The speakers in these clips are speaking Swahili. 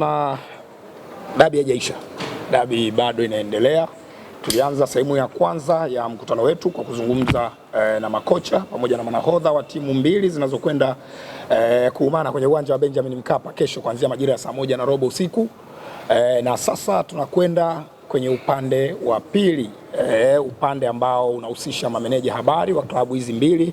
Na dabi haijaisha, dabi bado inaendelea. Tulianza sehemu ya kwanza ya mkutano wetu kwa kuzungumza eh, na makocha pamoja na manahodha wa timu mbili zinazokwenda eh, kuumana kwenye uwanja wa Benjamin Mkapa kesho kuanzia majira ya saa moja na robo usiku eh, na sasa tunakwenda kwenye upande wa pili eh, upande ambao unahusisha mameneja habari wa klabu hizi mbili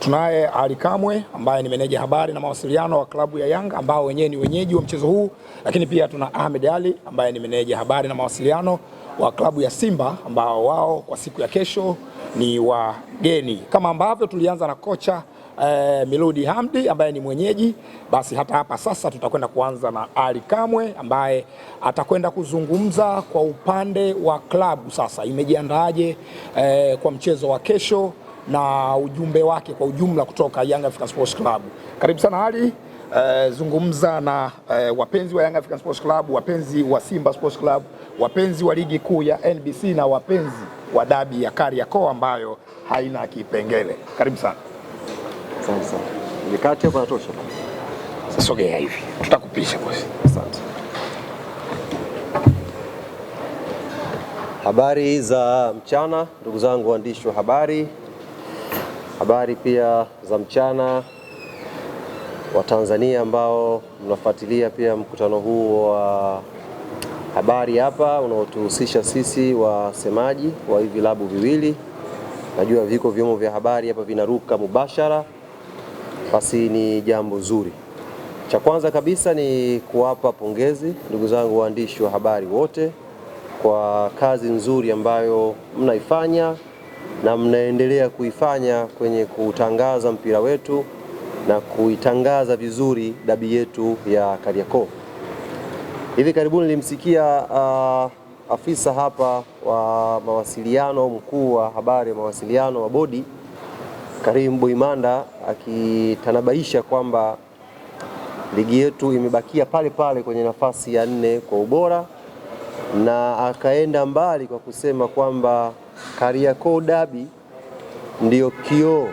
Tunaye Ali Kamwe ambaye ni meneja habari na mawasiliano wa klabu ya Yanga ambao wenyewe ni wenyeji wa mchezo huu, lakini pia tuna Ahmed Ali ambaye ni meneja habari na mawasiliano wa klabu ya Simba ambao wao kwa siku ya kesho ni wageni. Kama ambavyo tulianza na kocha eh, Miludi Hamdi ambaye ni mwenyeji, basi hata hapa sasa tutakwenda kuanza na Ali Kamwe ambaye atakwenda kuzungumza kwa upande wa klabu sasa imejiandaaje eh, kwa mchezo wa kesho na ujumbe wake kwa ujumla kutoka Young African Sports Club. Karibu sana Ali. Uh, zungumza na uh, wapenzi wa Young African Sports Club, wapenzi wa Simba Sports Club, wapenzi wa ligi kuu ya NBC na wapenzi wa dabi ya Kariakoo ambayo haina kipengele. Karibu sana. Nikate Sasa sogea hivi. Tutakupisha bosi. Asante. Habari za mchana ndugu zangu waandishi wa habari. Habari pia za mchana wa tanzania ambao mnafuatilia pia mkutano huu wa habari hapa unaotuhusisha sisi wasemaji wa hivi vilabu viwili. Najua viko vyombo vya habari hapa vinaruka mubashara, basi ni jambo zuri. Cha kwanza kabisa ni kuwapa pongezi ndugu zangu waandishi wa habari wote kwa kazi nzuri ambayo mnaifanya na mnaendelea kuifanya kwenye kutangaza mpira wetu na kuitangaza vizuri dabi yetu ya Kariakoo. Hivi karibuni nilimsikia uh, afisa hapa wa mawasiliano, mkuu wa habari ya mawasiliano wa bodi Karim Boimanda akitanabaisha kwamba ligi yetu imebakia pale pale kwenye nafasi ya nne kwa ubora, na akaenda mbali kwa kusema kwamba Kariakoo Dabi ndiyo kioo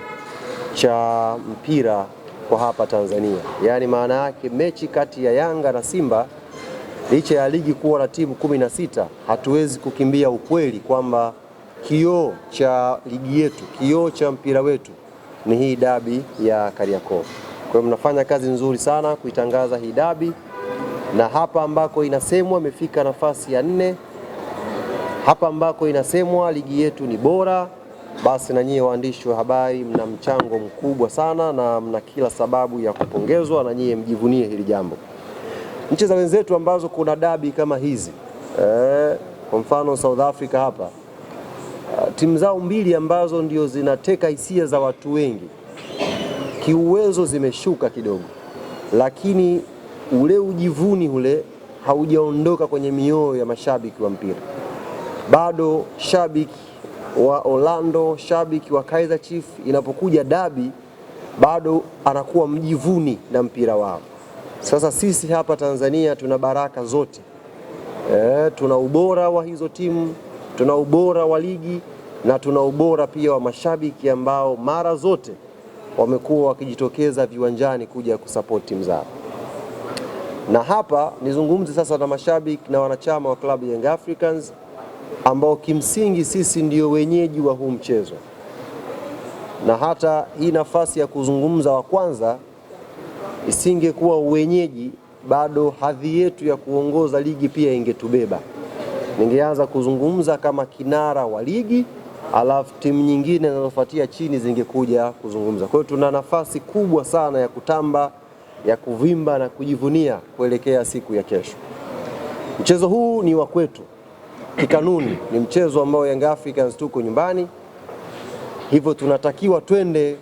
cha mpira kwa hapa Tanzania, yaani maana yake mechi kati ya Yanga na Simba, licha ya ligi kuwa na timu kumi na sita, hatuwezi kukimbia ukweli kwamba kioo cha ligi yetu, kioo cha mpira wetu ni hii dabi ya Kariakoo. Kwa hiyo mnafanya kazi nzuri sana kuitangaza hii dabi, na hapa ambako inasemwa imefika nafasi ya nne hapa ambako inasemwa ligi yetu ni bora, basi na nyie waandishi wa habari mna mchango mkubwa sana na mna kila sababu ya kupongezwa, na nyie mjivunie hili jambo. Nchi za wenzetu ambazo kuna dabi kama hizi eh, kwa mfano South Africa hapa eh, timu zao mbili ambazo ndio zinateka hisia za watu wengi kiuwezo zimeshuka kidogo, lakini ule ujivuni ule haujaondoka kwenye mioyo ya mashabiki wa mpira bado shabiki wa Orlando, shabiki wa Kaizer Chiefs, inapokuja dabi bado anakuwa mjivuni na mpira wao. Sasa sisi hapa Tanzania tuna baraka zote e, tuna ubora wa hizo timu, tuna ubora wa ligi na tuna ubora pia wa mashabiki ambao mara zote wamekuwa wakijitokeza viwanjani kuja kusapoti timu zao. Na hapa nizungumze sasa na mashabiki na wanachama wa klabu Young Africans ambao kimsingi sisi ndio wenyeji wa huu mchezo, na hata hii nafasi ya kuzungumza wa kwanza isingekuwa wenyeji bado hadhi yetu ya kuongoza ligi pia ingetubeba. Ningeanza kuzungumza kama kinara wa ligi, alafu timu nyingine zinazofuatia chini zingekuja kuzungumza. Kwa hiyo tuna nafasi kubwa sana ya kutamba, ya kuvimba na kujivunia kuelekea siku ya kesho. Mchezo huu ni wa kwetu kikanuni ni mchezo ambao Young Africans tuko nyumbani, hivyo tunatakiwa twende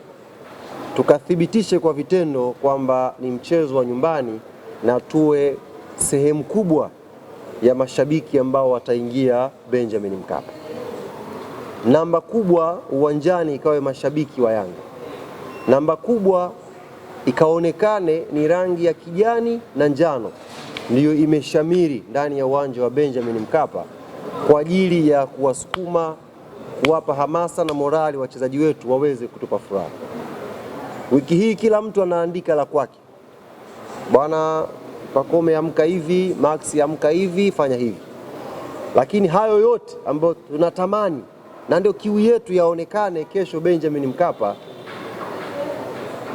tukathibitishe kwa vitendo kwamba ni mchezo wa nyumbani na tuwe sehemu kubwa ya mashabiki ambao wataingia Benjamin Mkapa. Namba kubwa uwanjani ikawe mashabiki wa Yanga, namba kubwa ikaonekane ni rangi ya kijani na njano ndiyo imeshamiri ndani ya uwanja wa Benjamin Mkapa kwa ajili ya kuwasukuma, kuwapa hamasa na morali wachezaji wetu waweze kutupa furaha. Wiki hii kila mtu anaandika la kwake, bwana Pakome amka hivi, Max amka hivi, fanya hivi. Lakini hayo yote ambayo tunatamani na ndio kiu yetu yaonekane kesho Benjamin Mkapa,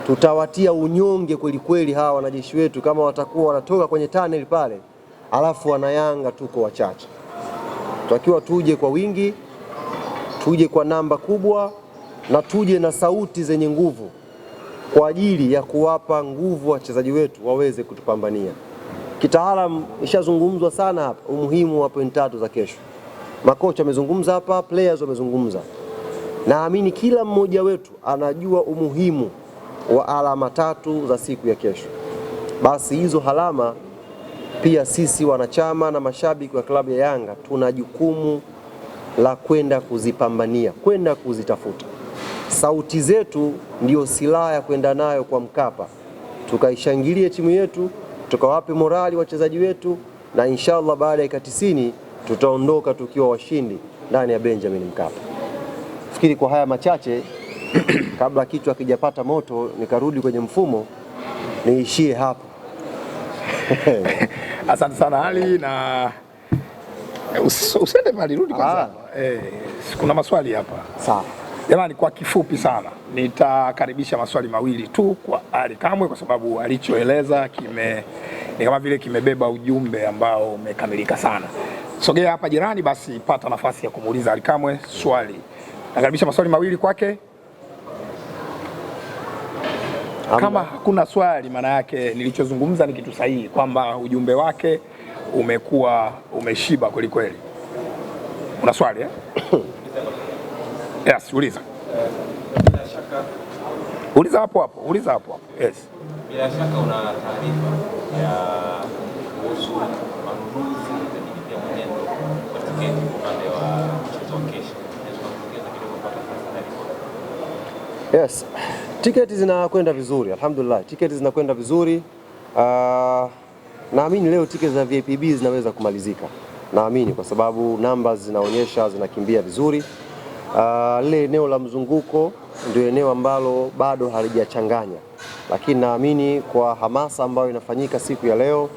tutawatia unyonge kwelikweli hawa wanajeshi wetu kama watakuwa wanatoka kwenye taneli pale, alafu wanayanga tuko wachache. Tunatakiwa tuje kwa wingi, tuje kwa namba kubwa na tuje na sauti zenye nguvu kwa ajili ya kuwapa nguvu wachezaji wetu waweze kutupambania. Kitaalamu ishazungumzwa sana hapa umuhimu wa pointi tatu za kesho. Makocha amezungumza hapa, players wamezungumza. Naamini kila mmoja wetu anajua umuhimu wa alama tatu za siku ya kesho. Basi hizo alama pia sisi wanachama na mashabiki wa klabu ya Yanga tuna jukumu la kwenda kuzipambania, kwenda kuzitafuta. Sauti zetu ndiyo silaha ya kwenda nayo kwa Mkapa, tukaishangilie timu yetu, tukawape morali wachezaji wetu, na inshallah baada ya dakika tisini tutaondoka tukiwa washindi ndani ya Benjamin Mkapa. Fikiri kwa haya machache kabla kichwa kijapata moto nikarudi kwenye mfumo, niishie hapo. Asante sana Ali na eh, usiende mbali, rudi ah. kwanza. Eh, kuna maswali hapa. Sawa. Jamani, kwa kifupi sana nitakaribisha maswali mawili tu kwa Ali Kamwe kwa sababu alichoeleza kime ni kama vile kimebeba ujumbe ambao umekamilika sana. Sogea hapa jirani, basi pata nafasi ya kumuuliza Ali Kamwe swali. Nakaribisha maswali mawili kwake. Kama hakuna swali, maana yake nilichozungumza ni kitu sahihi, kwamba ujumbe wake umekuwa umeshiba kweli Una swali eh? Yes, uliza. uliza hapo hapo, uliza hapo hapo. Yes. Bila shaka una taarifa ya kuhusu manunuzi ya mwenendo wa tiketi upande wa mchezo wa kesho. Yes. Tiketi zinakwenda vizuri, alhamdulillah, tiketi zinakwenda vizuri. Uh, naamini leo tiketi za VIPB zinaweza kumalizika, naamini kwa sababu namba zinaonyesha zinakimbia vizuri. Ah, lile uh, eneo la mzunguko ndio eneo ambalo bado halijachanganya, lakini naamini kwa hamasa ambayo inafanyika siku ya leo,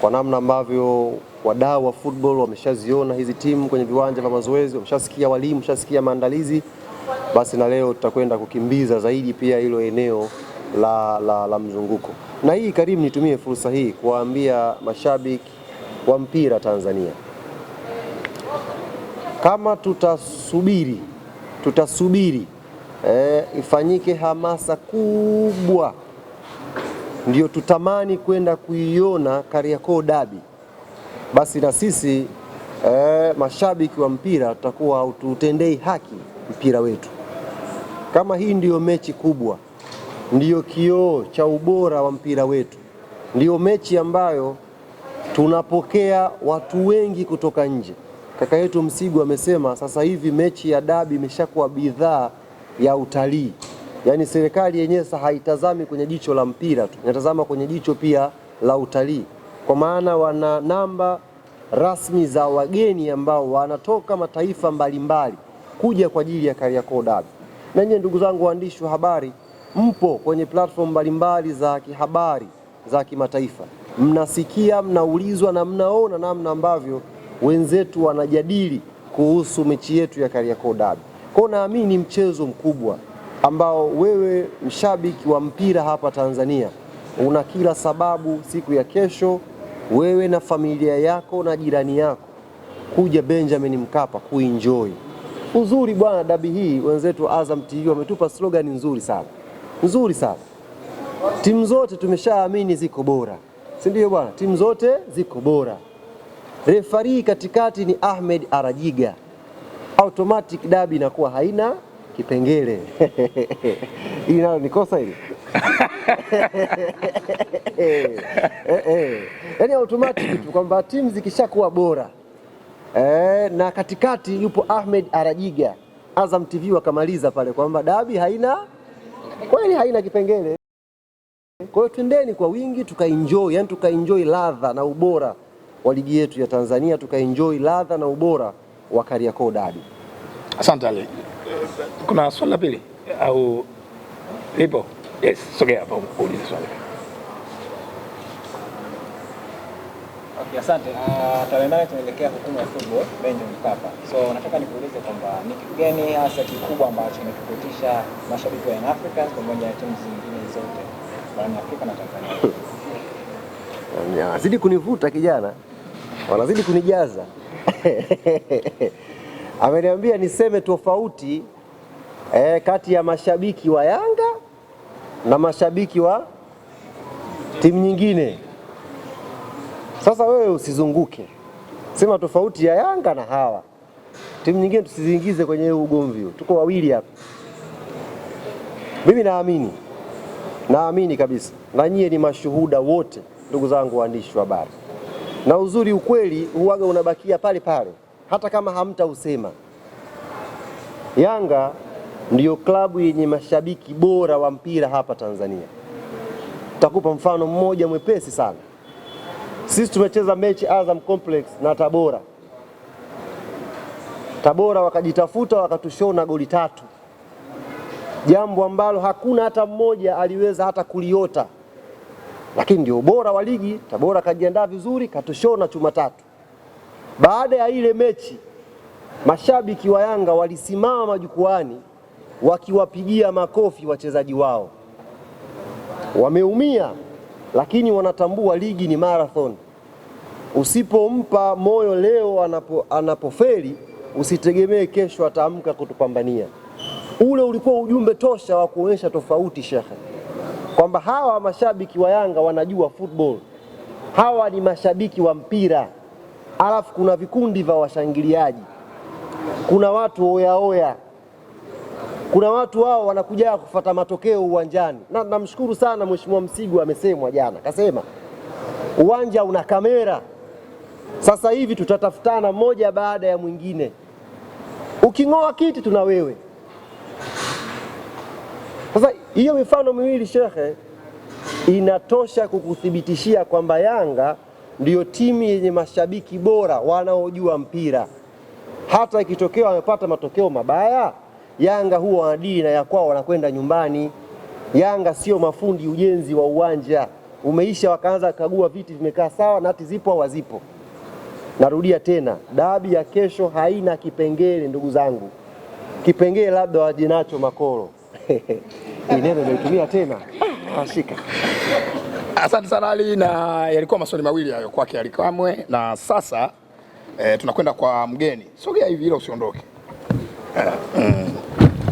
kwa namna ambavyo wadau wa football wameshaziona hizi timu kwenye viwanja vya mazoezi, wameshasikia walimu, wameshasikia maandalizi basi na leo tutakwenda kukimbiza zaidi pia hilo eneo la, la, la mzunguko. Na hii karibu nitumie fursa hii kuwaambia mashabiki wa mpira Tanzania, kama tutasubiri tutasubiri eh, ifanyike hamasa kubwa ndio tutamani kwenda kuiona Kariakoo Dabi, basi na sisi eh, mashabiki wa mpira tutakuwa tutendei haki mpira wetu. Kama hii ndiyo mechi kubwa, ndiyo kioo cha ubora wa mpira wetu, ndiyo mechi ambayo tunapokea watu wengi kutoka nje. Kaka yetu Msigu amesema sasa hivi mechi ya dabi imeshakuwa bidhaa ya utalii, yaani serikali yenyewe sasa haitazami kwenye jicho la mpira tu, inatazama kwenye jicho pia la utalii, kwa maana wana namba rasmi za wageni ambao wanatoka mataifa mbalimbali kuja kwa ajili ya Kariakoo dabi. Na nyie ndugu zangu waandishi wa habari, mpo kwenye platform mbalimbali za kihabari za kimataifa, mnasikia, mnaulizwa na mnaona namna ambavyo wenzetu wanajadili kuhusu mechi yetu ya Kariakoo Derby. Kwa naamini ni mchezo mkubwa ambao wewe mshabiki wa mpira hapa Tanzania una kila sababu siku ya kesho, wewe na familia yako na jirani yako kuja Benjamin Mkapa kuenjoy uzuri bwana, dabi hii wenzetu Azam TV wametupa slogan nzuri sana nzuri sana. Timu zote tumeshaamini ziko bora, si ndio bwana? Timu zote ziko bora. Refari katikati ni Ahmed Arajiga, automatic dabi inakuwa haina kipengele hili nalo ni kosa hili eh, eh. Eh, yaani automatic tu kwamba timu zikishakuwa bora Eh, na katikati yupo Ahmed Arajiga. Azam TV wakamaliza pale kwamba dabi haina kweli, haina kipengele. Kwa hiyo twendeni kwa wingi tukaenjoy, yani tukaenjoy ladha na ubora wa ligi yetu ya Tanzania, tukaenjoy ladha na ubora wa Kariakoo dabi. Asante Ali. Kuna swali la pili au lipo? Yes, sogea hapo uulize swali. Okay, asante. Uh, tarehe nane tunaelekea hukumu ya football Benjamin Mkapa. So nataka nikuulize kwamba ni kitu gani hasa kikubwa ambacho imetofautisha mashabiki wa Young Africans pamoja na timu zingine zote barani Afrika na Tanzania? Wanazidi kunivuta kijana, wanazidi kunijaza ameniambia niseme tofauti eh, kati ya mashabiki wa Yanga na mashabiki wa timu nyingine sasa wewe usizunguke, sema tofauti ya Yanga na hawa timu nyingine, tusiziingize kwenye ugomvi huu. Tuko wawili hapa, mimi naamini, naamini kabisa, na nyie ni mashuhuda wote, ndugu zangu waandishi wa habari. Na uzuri, ukweli huaga unabakia pale pale, hata kama hamtausema. Yanga ndiyo klabu yenye mashabiki bora wa mpira hapa Tanzania. Takupa mfano mmoja mwepesi sana. Sisi tumecheza mechi Azam Complex na Tabora. Tabora wakajitafuta wakatushona goli tatu, jambo ambalo hakuna hata mmoja aliweza hata kuliota, lakini ndio ubora wa ligi. Tabora kajiandaa vizuri, katushona chuma tatu. Baada ya ile mechi, mashabiki wa Yanga walisimama majukwani wakiwapigia makofi wachezaji wao. Wameumia, lakini wanatambua ligi ni marathon. Usipompa moyo leo anapo, anapofeli usitegemee kesho ataamka kutupambania. Ule ulikuwa ujumbe tosha wa kuonyesha tofauti shekhe, kwamba hawa mashabiki wa Yanga wanajua football, hawa ni mashabiki wa mpira. Alafu kuna vikundi vya washangiliaji, kuna watu oyaoya oya. Kuna watu wao wanakuja kufata matokeo uwanjani, na namshukuru sana Mheshimiwa Msigu amesemwa jana, kasema uwanja una kamera. Sasa hivi tutatafutana moja baada ya mwingine. Uking'oa kiti tuna wewe. Sasa hiyo mifano miwili shekhe, inatosha kukuthibitishia kwamba Yanga ndiyo timu yenye mashabiki bora wanaojua mpira. Hata ikitokea wamepata matokeo mabaya, Yanga huwa wanadili na ya kwao, wanakwenda nyumbani. Yanga sio mafundi ujenzi wa uwanja umeisha, wakaanza kagua viti vimekaa sawa, nati zipo au hazipo. Narudia tena, dabi ya kesho haina kipengele, ndugu zangu. Kipengele labda waje nacho makoro ineno naitumia tena ashika. Ah, Asante sana Ali, na yalikuwa maswali mawili hayo kwake Alikamwe, na sasa eh, tunakwenda kwa mgeni. Sogea hivi ila usiondoke eh, mm.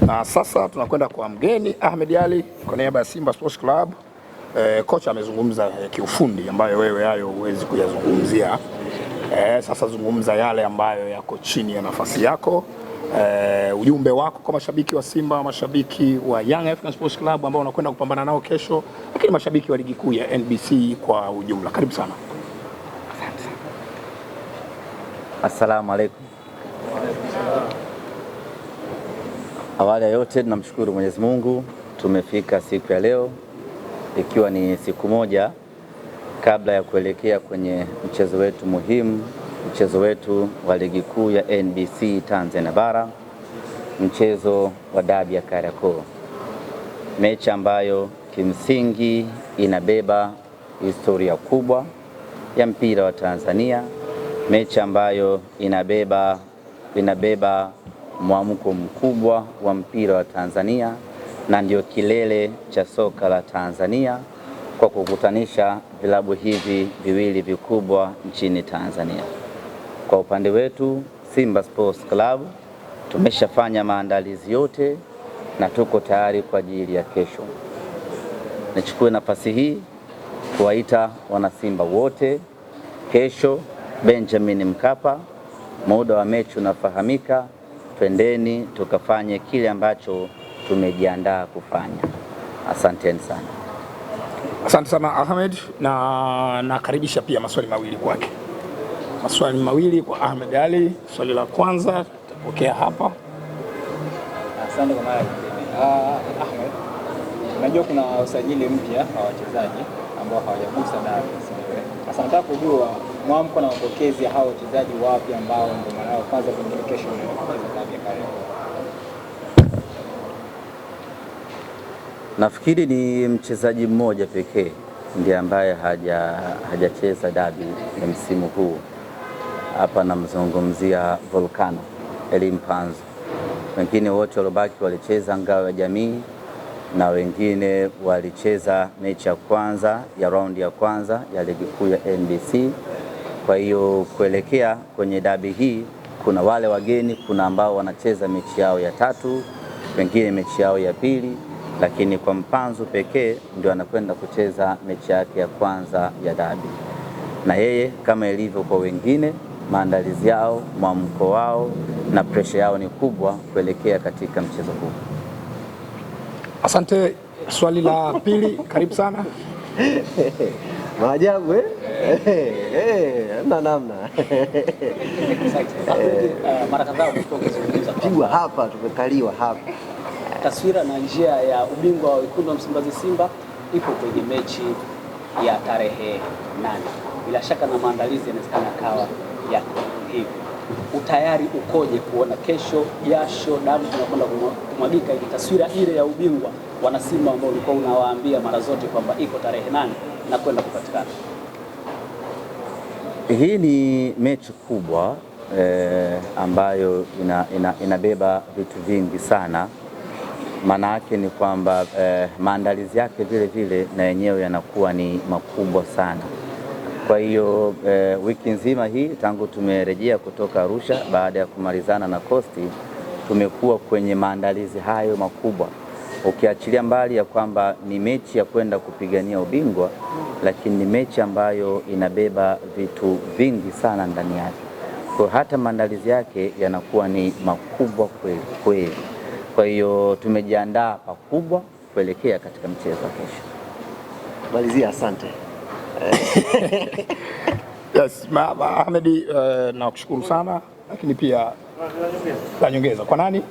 Na sasa tunakwenda kwa mgeni Ahmed ali kwa niaba ya Simba Sports Club. Eh, kocha amezungumza eh, kiufundi ambayo wewe hayo huwezi kuyazungumzia. Eh, sasa zungumza yale ambayo yako chini ya nafasi yako. Eh, ujumbe wako kwa mashabiki wa Simba, mashabiki wa Young African Sports Club ambao unakwenda kupambana nao kesho, lakini mashabiki wa ligi kuu ya NBC kwa ujumla. Karibu sana. Assalamu alaykum. Awali ya yote tunamshukuru Mwenyezi Mungu tumefika siku ya leo ikiwa ni siku moja kabla ya kuelekea kwenye mchezo wetu muhimu, mchezo wetu wa ligi kuu ya NBC Tanzania Bara, mchezo wa dabi ya Kariakoo, mechi ambayo kimsingi inabeba historia kubwa ya mpira wa Tanzania, mechi ambayo inabeba, inabeba mwamko mkubwa wa mpira wa Tanzania na ndio kilele cha soka la Tanzania kwa kukutanisha vilabu hivi viwili vikubwa nchini Tanzania. Kwa upande wetu Simba Sports Club tumeshafanya maandalizi yote na tuko tayari kwa ajili ya kesho. Nichukue nafasi hii kuwaita wanasimba wote kesho Benjamin Mkapa, muda wa mechi unafahamika. Twendeni tukafanye kile ambacho tumejiandaa kufanya. Asanteni sana. Asante sana Ahmed, na nakaribisha pia maswali mawili kwake. Maswali mawili kwa Ahmed Ali. Swali la kwanza tapokea hapa. Asante kwa mara Uh, Ahmed, najua kuna usajili mpya wa wachezaji ambao hawajagusa dawa Sasa nataka kujua mwamko na mapokezi ya hao wachezaji wapya ambao ndio mara ya kwanza kwenye kesho ya dabi ya Kariakoo. Nafikiri ni mchezaji mmoja pekee ndiye ambaye haja hajacheza dabi ya msimu huu. Hapa namzungumzia Volcano Elimpanzu. Wengine wote waliobaki walicheza ngao ya jamii na wengine walicheza mechi ya kwanza ya raundi ya kwanza ya ligi kuu ya NBC. Kwa hiyo kuelekea kwenye dabi hii, kuna wale wageni, kuna ambao wanacheza mechi yao ya tatu, wengine mechi yao ya pili lakini kwa Mpanzu pekee ndio anakwenda kucheza mechi yake ya kwanza ya dabi, na yeye kama ilivyo kwa wengine, maandalizi yao, mwamko wao na presha yao ni kubwa kuelekea katika mchezo huu. Asante. Swali la pili, karibu sana. Maajabu eh? eh, eh na namna. Eh, Mara kadhaa hapa, tumekaliwa hapa taswira na njia ya ubingwa wa wekundu wa Msimbazi Simba ipo kwenye mechi ya tarehe nane. Bila shaka na maandalizi yanawezekana kawa yako hivi. Utayari ukoje kuona kesho jasho damu tunakwenda kumwagika ili taswira ile ya ubingwa wanasimba ambao ulikuwa unawaambia mara zote kwamba iko tarehe nane na kwenda kupatikana? Hii ni mechi kubwa eh, ambayo ina, ina, inabeba vitu vingi sana maana yake ni kwamba eh, maandalizi yake vile vile na yenyewe yanakuwa ni makubwa sana. Kwa hiyo eh, wiki nzima hii tangu tumerejea kutoka Arusha baada ya kumalizana na Kosti, tumekuwa kwenye maandalizi hayo makubwa, ukiachilia mbali ya kwamba ni mechi ya kwenda kupigania ubingwa, lakini ni mechi ambayo inabeba vitu vingi sana ndani yake, kwa hata maandalizi yake yanakuwa ni makubwa kweli kweli. Kwa hiyo tumejiandaa pakubwa kuelekea katika mchezo wa kesho. Malizia, asante. Eh. Yes, Ahmed, uh, nakushukuru sana lakini pia la nyongeza kwa nani?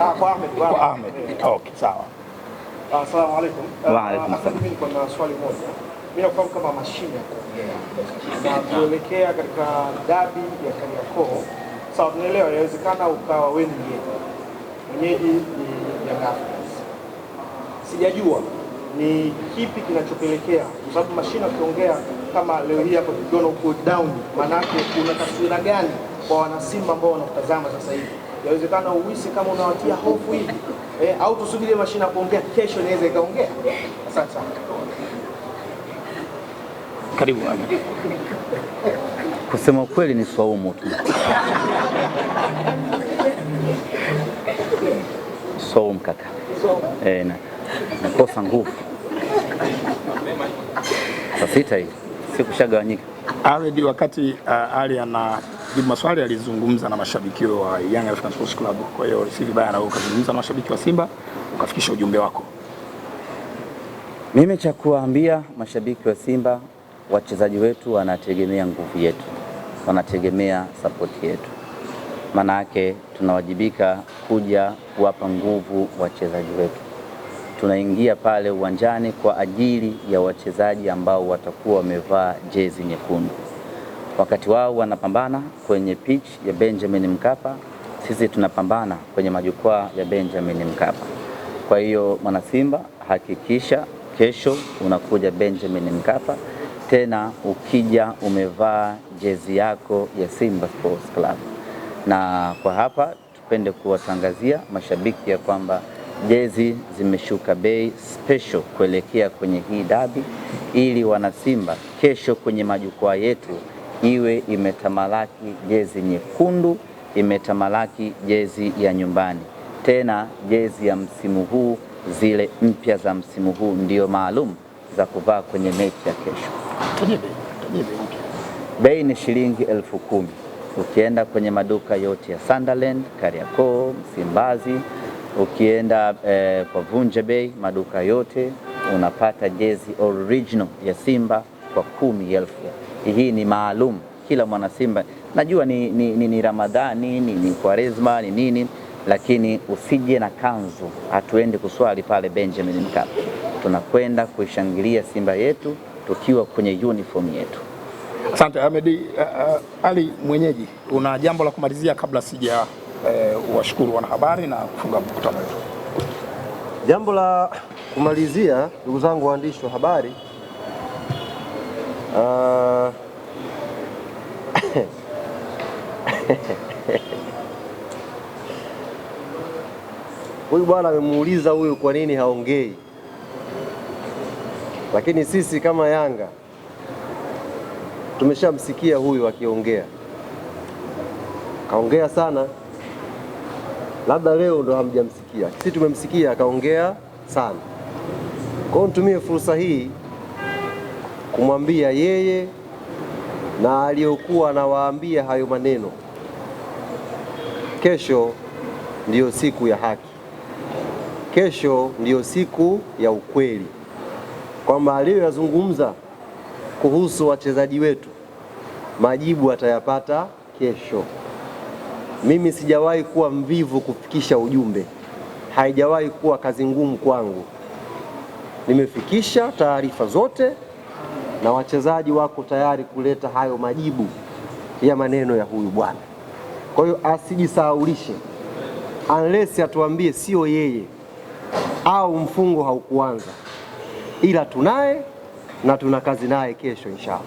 Ah, kwa Ahmed. Kwa Ahmed. Okay, sawa. Asalamu ah, alaykum. Wa alaykum ah, salaam. Mimi niko swali moja. Mimi nakuwa kama mashine ya kuongea. Na tuelekea katika dabi ya Kariakoo sasa tunaelewa, yawezekana ukawa wewe ni mwenyeji, mwenyeji ni Young Africans. Sijajua ni kipi kinachopelekea, kwa sababu mashine akiongea kama leo hii hapo tukiona uko down, maana kuna taswira gani kwa wanasimba ambao wanakutazama sasa hivi? Yawezekana uhisi kama unawatia hofu hivi eh, au tusubiri mashine kuongea kesho, inaweza ikaongea. Asante sana. Karibu. Kusema kweli ni swaumu tu Soum kaka. Eh, na nakosa nguvu saa sita hii sikushagawanyika. Ahmed wakati uh, Ali ana jibu maswali alizungumza na mashabiki wa Young African Sports Club. Kwa hiyo si vibaya na wewe ukazungumza na mashabiki wa Simba ukafikisha ujumbe wako. Mimi cha kuwaambia mashabiki wa Simba, wachezaji wetu wanategemea nguvu yetu, wanategemea sapoti yetu. Manake tunawajibika kuja kuwapa nguvu wachezaji wetu. Tunaingia pale uwanjani kwa ajili ya wachezaji ambao watakuwa wamevaa jezi nyekundu. Wakati wao wanapambana kwenye pitch ya Benjamin Mkapa, sisi tunapambana kwenye majukwaa ya Benjamin Mkapa. Kwa hiyo mwanasimba, hakikisha kesho unakuja Benjamin Mkapa, tena ukija umevaa jezi yako ya Simba Sports Club na kwa hapa tupende kuwatangazia mashabiki ya kwamba jezi zimeshuka bei special kuelekea kwenye hii dabi, ili wanasimba kesho kwenye majukwaa yetu iwe imetamalaki jezi nyekundu, imetamalaki jezi ya nyumbani, tena jezi ya msimu huu, zile mpya za msimu huu ndio maalum za kuvaa kwenye mechi ya kesho. Bei ni shilingi elfu kumi ukienda kwenye maduka yote ya Sunderland, Kariakoo, Msimbazi, ukienda eh, kwa Vunja Bay, maduka yote unapata jezi original ya Simba kwa kumi elfu. Hii ni maalum kila mwana Simba. Najua ni, ni, ni, ni Ramadhani ni, ni Kwaresma ni nini, lakini usije na kanzu. Hatuendi kuswali pale Benjamin Mkapa, tunakwenda kuishangilia Simba yetu tukiwa kwenye uniform yetu. Asante Ahmed. Eh, eh, Ali mwenyeji, una jambo la kumalizia kabla sija eh, washukuru wanahabari na kufunga mkutano wetu? Jambo la kumalizia, ndugu zangu waandishi wa habari, uh... huyu bwana amemuuliza huyu kwa nini haongei, lakini sisi kama Yanga Tumeshamsikia huyu akiongea, kaongea sana, labda leo ndo hamjamsikia. Sisi tumemsikia akaongea sana. Kwa hiyo nitumie fursa hii kumwambia yeye na aliyokuwa anawaambia hayo maneno, kesho ndiyo siku ya haki, kesho ndiyo siku ya ukweli, kwamba aliyoyazungumza kuhusu wachezaji wetu, majibu atayapata kesho. Mimi sijawahi kuwa mvivu kufikisha ujumbe, haijawahi kuwa kazi ngumu kwangu. Nimefikisha taarifa zote na wachezaji wako tayari kuleta hayo majibu ya maneno ya huyu bwana. Kwa hiyo asijisahaulishe, unless atuambie sio yeye au mfungo haukuanza, ila tunaye na tuna kazi naye kesho inshallah.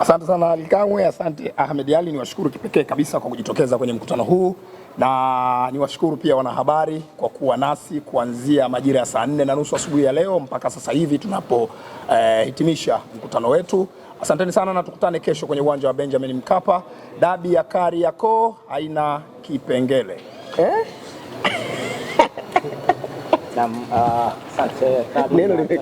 Asante sana Ali Kamwe, asante Ahmed Ali, niwashukuru kipekee kabisa kwa kujitokeza kwenye mkutano huu na niwashukuru pia wanahabari kwa kuwa nasi kuanzia majira ya saa nne na nusu asubuhi ya leo mpaka sasa hivi tunapohitimisha eh, mkutano wetu. Asanteni sana na tukutane kesho kwenye uwanja wa Benjamin Mkapa. Dabi ya kari Kariakoo haina kipengele eh? Nam, uh, ah, sante,